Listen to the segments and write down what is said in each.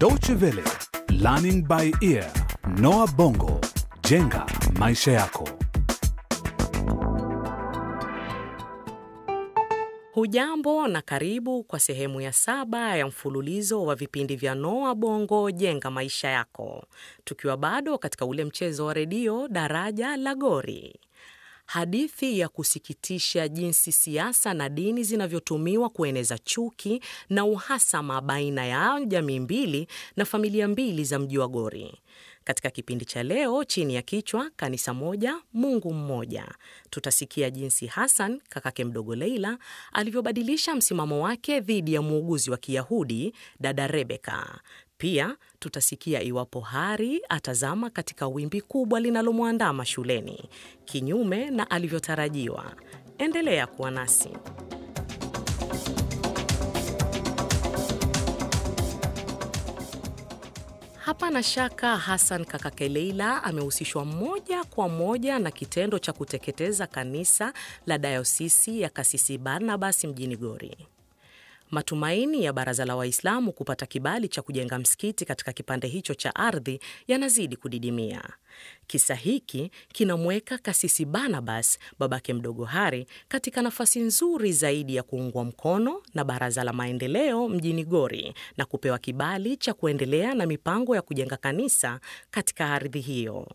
Deutsche Welle, Learning by Ear, Noah Bongo, Jenga Maisha Yako. Hujambo na karibu kwa sehemu ya saba ya mfululizo wa vipindi vya Noa Bongo Jenga Maisha Yako, tukiwa bado katika ule mchezo wa redio Daraja la Gori hadithi ya kusikitisha jinsi siasa na dini zinavyotumiwa kueneza chuki na uhasama baina ya jamii mbili na familia mbili za mji wa Gori. Katika kipindi cha leo chini ya kichwa kanisa moja Mungu mmoja, tutasikia jinsi Hassan kakake mdogo Leila alivyobadilisha msimamo wake dhidi ya muuguzi wa Kiyahudi dada Rebeka. Pia tutasikia iwapo Hari atazama katika wimbi kubwa linalomwandama shuleni, kinyume na alivyotarajiwa. Endelea kuwa nasi. Hapana shaka Hassan kakake Leila amehusishwa moja kwa moja na kitendo cha kuteketeza kanisa la dayosisi ya Kasisi Barnabas mjini Gori. Matumaini ya Baraza la Waislamu kupata kibali cha kujenga msikiti katika kipande hicho cha ardhi yanazidi kudidimia. Kisa hiki kinamweka Kasisi Barnabas, babake mdogo Hari, katika nafasi nzuri zaidi ya kuungwa mkono na Baraza la Maendeleo mjini Gori na kupewa kibali cha kuendelea na mipango ya kujenga kanisa katika ardhi hiyo.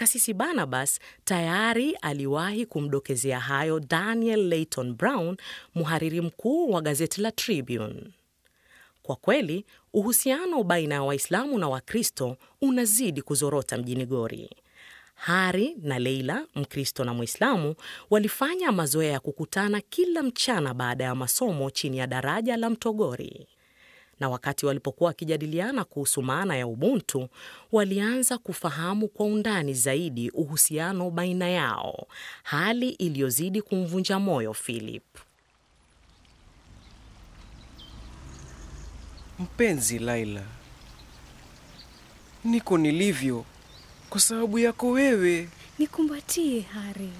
Kasisi Barnabas tayari aliwahi kumdokezea hayo Daniel Layton Brown, mhariri mkuu wa gazeti la Tribune. Kwa kweli uhusiano baina ya Waislamu na Wakristo unazidi kuzorota mjini Gori. Hari na Leila, Mkristo na Mwislamu, walifanya mazoea ya kukutana kila mchana baada ya masomo chini ya daraja la Mtogori na wakati walipokuwa wakijadiliana kuhusu maana ya ubuntu, walianza kufahamu kwa undani zaidi uhusiano baina yao, hali iliyozidi kumvunja moyo Philip. Mpenzi Laila, niko nilivyo kwa sababu yako wewe. Nikumbatie Hari.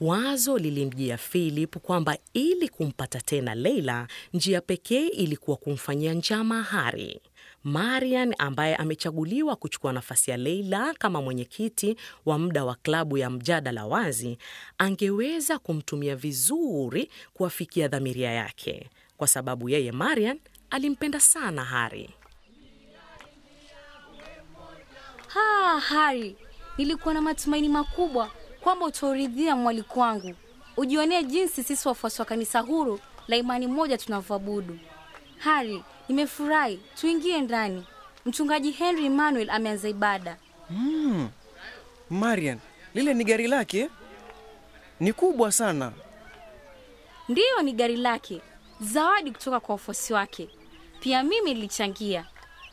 Wazo lilimjia Philip kwamba ili kumpata tena Leila, njia pekee ilikuwa kumfanyia njama Hari. Marian ambaye amechaguliwa kuchukua nafasi ya Leila kama mwenyekiti wa muda wa klabu ya mjadala wazi, angeweza kumtumia vizuri kuwafikia dhamiria yake, kwa sababu yeye Marian alimpenda sana Hari. Ha, Hari, nilikuwa na matumaini makubwa kwamba utauridhia mwaliko wangu, ujionee jinsi sisi wafuasi wa kanisa huru la imani moja tunavyoabudu. Hari, nimefurahi, tuingie ndani. Mchungaji Henry Emmanuel ameanza ibada. Mm. Marian, lile ni gari lake? Ni kubwa sana. Ndiyo, ni gari lake, zawadi kutoka kwa wafuasi wake. Pia mimi nilichangia.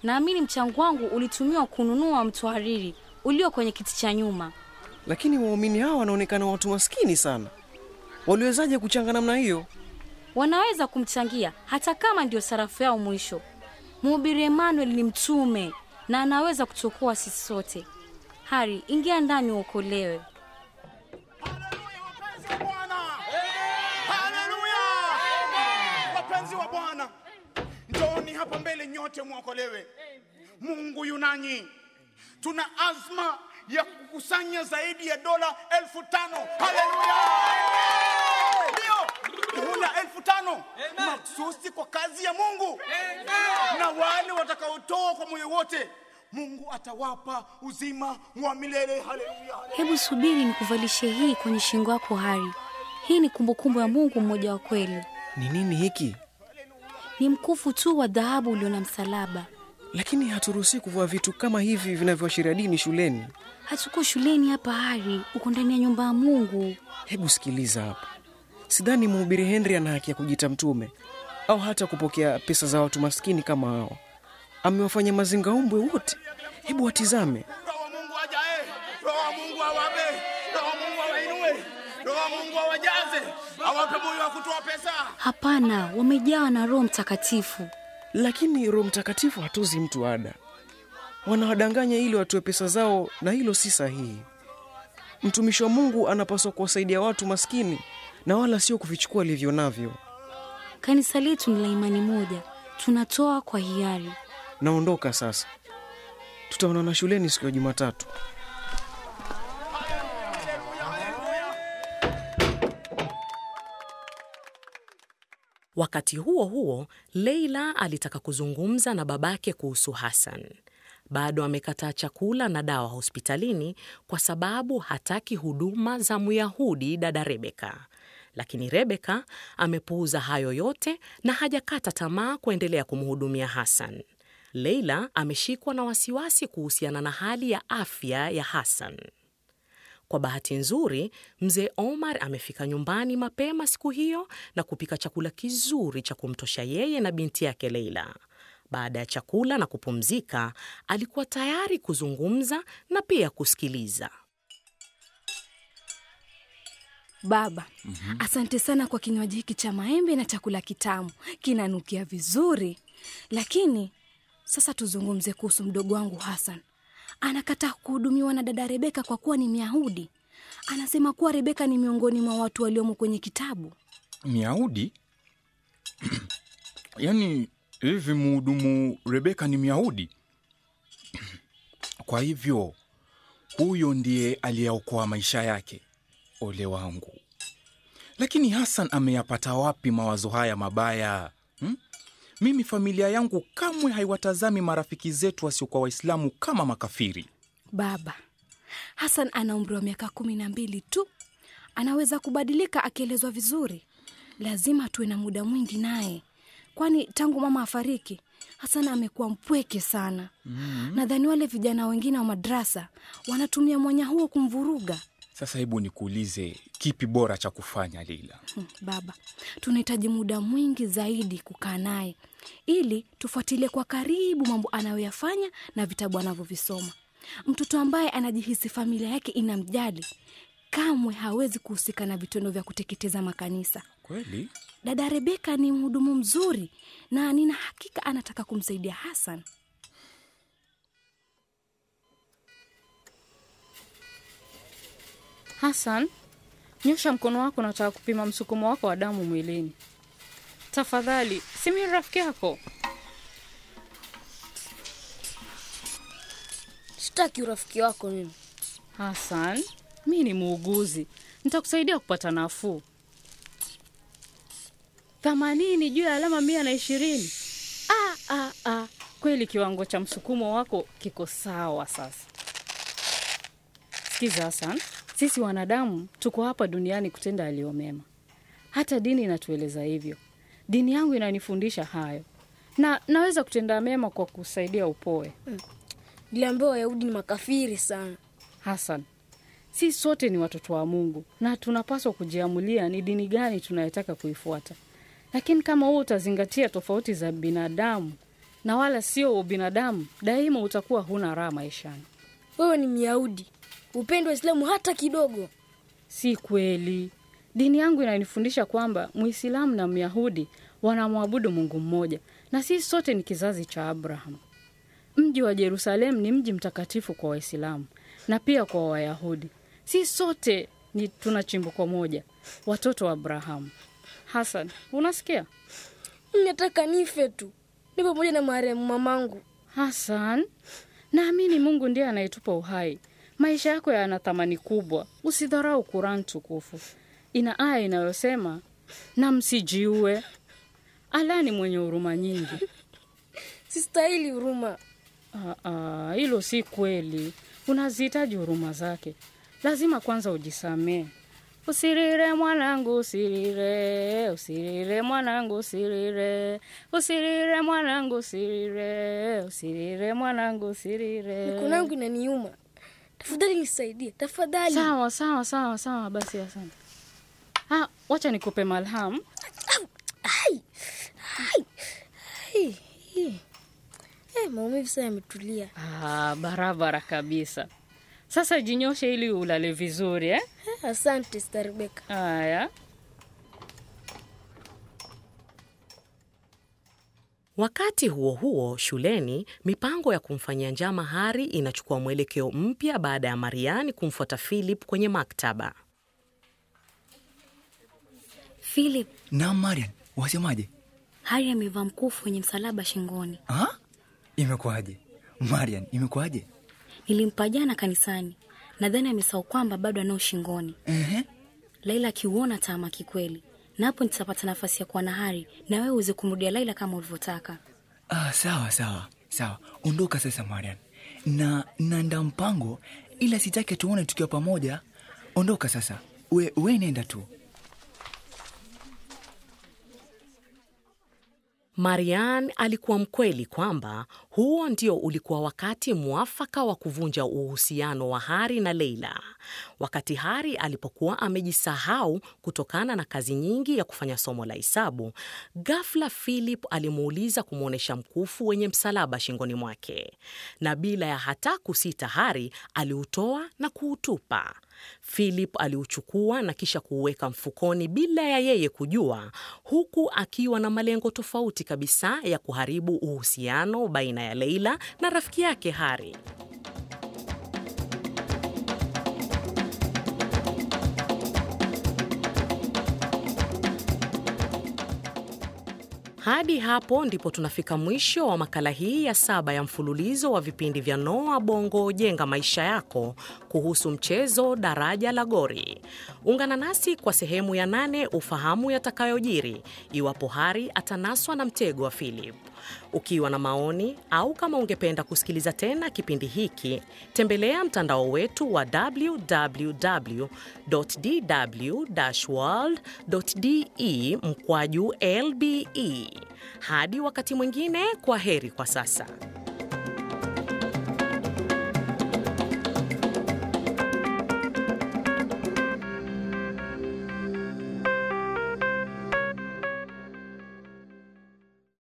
Naamini mchango wangu ulitumiwa kununua mto hariri ulio kwenye kiti cha nyuma lakini waumini hawa wanaonekana watu maskini sana waliwezaje kuchanga namna hiyo wanaweza kumchangia hata kama ndio sarafu yao mwisho mhubiri emanuel ni mtume na anaweza kuchokoa sisi sote hari ingia ndani uokolewe bwana hapa mbele nyote mwokolewe mungu yunanyi tuna azma ya kukusanya zaidi ya dola elfu tano. Haleluya! Ndio huna elfu tano maksusi kwa kazi ya Mungu. Amen. Na wale watakaotoa kwa moyo wote Mungu atawapa uzima wa milele. Haleluya! Hebu subiri nikuvalishe hii kwenye shingo yako hari. Hii ni kumbukumbu ya Mungu mmoja wa kweli. Ni nini hiki? Ni mkufu tu wa dhahabu ulio na msalaba lakini haturuhusii kuvua vitu kama hivi vinavyoashiria dini shuleni. Hatuko shuleni hapa, Hari, uko ndani ya nyumba ya Mungu. Hebu sikiliza hapa, sidhani mhubiri Henry ana haki ya kujita mtume au hata kupokea pesa za watu maskini kama hao. Amewafanya mazinga umbwe wote. Hebu watizame. Mungu ajae, Mungu Mungu awainue, Mungu awajaze, pesa. Hapana, wamejawa na Roho Mtakatifu lakini roho mtakatifu hatozi mtu ada wanawadanganya ili watoe pesa zao na hilo si sahihi mtumishi wa mungu anapaswa kuwasaidia watu maskini na wala sio kuvichukua alivyo navyo kanisa letu ni la imani moja tunatoa kwa hiari naondoka sasa tutaonana shuleni siku ya jumatatu Wakati huo huo, Leila alitaka kuzungumza na babake kuhusu Hassan. Bado amekataa chakula na dawa hospitalini kwa sababu hataki huduma za Myahudi dada Rebeka. Lakini Rebeka amepuuza hayo yote na hajakata tamaa kuendelea kumhudumia Hassan. Leila ameshikwa na wasiwasi kuhusiana na hali ya afya ya Hassan. Kwa bahati nzuri, mzee Omar amefika nyumbani mapema siku hiyo na kupika chakula kizuri cha kumtosha yeye na binti yake Leila. Baada ya chakula na kupumzika, alikuwa tayari kuzungumza na pia kusikiliza. Baba, mm -hmm. Asante sana kwa kinywaji hiki cha maembe na chakula kitamu, kinanukia vizuri. Lakini sasa tuzungumze kuhusu mdogo wangu Hassan anakataa kuhudumiwa na dada Rebeka kwa kuwa ni Myahudi. Anasema kuwa Rebeka ni miongoni mwa watu waliomo kwenye kitabu. Myahudi? yaani hivi mhudumu Rebeka ni Myahudi? kwa hivyo huyo ndiye aliyeokoa maisha yake. Ole wangu! Lakini Hasan ameyapata wapi mawazo haya mabaya? Mimi familia yangu kamwe haiwatazami marafiki zetu wasiokuwa Waislamu kama makafiri. Baba, Hasan ana umri wa miaka kumi na mbili tu, anaweza kubadilika akielezwa vizuri. Lazima tuwe na muda mwingi naye, kwani tangu mama afariki Hasan amekuwa mpweke sana. mm-hmm. Nadhani wale vijana wengine wa madrasa wanatumia mwanya huo kumvuruga. Sasa hebu nikuulize, kipi bora cha kufanya lila Hmm, baba, tunahitaji muda mwingi zaidi kukaa naye ili tufuatilie kwa karibu mambo anayoyafanya na vitabu anavyovisoma. Mtoto ambaye anajihisi familia yake inamjali kamwe hawezi kuhusika na vitendo vya kuteketeza makanisa. Kweli dada Rebeka ni mhudumu mzuri na nina hakika anataka kumsaidia Hasan. Hassan, nyosha mkono wako na kupima msukumo wako wa damu mwilini. Tafadhali, si mimi rafiki yako. Sitaki urafiki wako mimi. Hassan, mi ni muuguzi, nitakusaidia kupata nafuu. thamanini juu ya alama mia na ishirini. Ah, ah, ah. Kweli kiwango cha msukumo wako kiko sawa sasa. Sikiza Hassan, sisi wanadamu tuko hapa duniani kutenda yaliyo mema. Hata dini inatueleza hivyo. Dini yangu inanifundisha hayo, na naweza kutenda mema kwa kusaidia upoe. Mm. Niliambiwa Wayahudi ni makafiri sana. Hasan, si sote ni watoto wa Mungu na tunapaswa kujiamulia ni dini gani tunayetaka kuifuata. Lakini kama huo utazingatia tofauti za binadamu na wala sio ubinadamu, daima utakuwa huna raha maishani. Wewe ni Myahudi, upendo Islamu hata kidogo. Si kweli. Dini yangu inanifundisha kwamba Muislamu na Myahudi wanamwabudu Mungu mmoja na sisi sote ni kizazi cha Abraham. Mji wa Yerusalemu ni mji mtakatifu kwa Waislamu na pia kwa Wayahudi. si sote ni tuna chimbuko moja, watoto wa Abrahamu. Hasan, unasikia? Nataka nife tu, ni pamoja na marehemu mamangu. Hasan, naamini Mungu ndiye anayetupa uhai Maisha yako yana thamani kubwa, usidharau kuran tukufu. Ina aya inayosema na msijiue. Ala ni mwenye huruma nyingi. Sistahili huruma. Hilo si kweli, unazihitaji huruma zake. Lazima kwanza ujisamee. Usirire mwanangu, usirire, usirire mwanangu, usirire, usirire mwanangu, usirire, usirire mwanangu, usirire. Mikono yangu inaniuma tafadhali nisaidie tafadhali. Sawa sawa sawa sawa, basi asante. Ah, wacha nikupe malham. Ai, ai, ai, Eh, maumivu sasa yametulia. Ah, barabara kabisa. Sasa jinyoshe ili ulale vizuri eh? eh asante Sister Rebecca. Haya. Ah, Wakati huo huo, shuleni, mipango ya kumfanyia njama Hari inachukua mwelekeo mpya baada ya Mariani kumfuata Philip kwenye maktaba. Philip. Naam, Marian, wasemaje? Hari amevaa mkufu wenye msalaba shingoni. imekuaje Imekuwaje Marian, imekuwaje? Nilimpa jana kanisani, nadhani amesahau kwamba bado anao shingoni. uh-huh. Laila akiuona taama kikweli na hapo nitapata nafasi ya kuwa na hari na wewe uweze kumrudia laila kama ulivyotaka ah, sawa sawa sawa ondoka sasa marian na nanda mpango ila sitake tuone tukiwa pamoja ondoka sasa we, we nenda tu Marian alikuwa mkweli kwamba huo ndio ulikuwa wakati mwafaka wa kuvunja uhusiano wa Hari na Leila. Wakati Hari alipokuwa amejisahau kutokana na kazi nyingi ya kufanya somo la hisabu, ghafla Philip alimuuliza kumwonyesha mkufu wenye msalaba shingoni mwake, na bila ya hata kusita, Hari aliutoa na kuutupa. Philip aliuchukua na kisha kuuweka mfukoni bila ya yeye kujua, huku akiwa na malengo tofauti kabisa ya kuharibu uhusiano baina ya Leila na rafiki yake Hari. Hadi hapo ndipo tunafika mwisho wa makala hii ya saba ya mfululizo wa vipindi vya Noa Bongo Jenga Maisha Yako kuhusu mchezo Daraja la Gori. Ungana nasi kwa sehemu ya nane ufahamu yatakayojiri iwapo Hari atanaswa na mtego wa Philip. Ukiwa na maoni au kama ungependa kusikiliza tena kipindi hiki, tembelea mtandao wetu wa www.dw-world.de mkwaju lbe. Hadi wakati mwingine, kwa heri kwa sasa.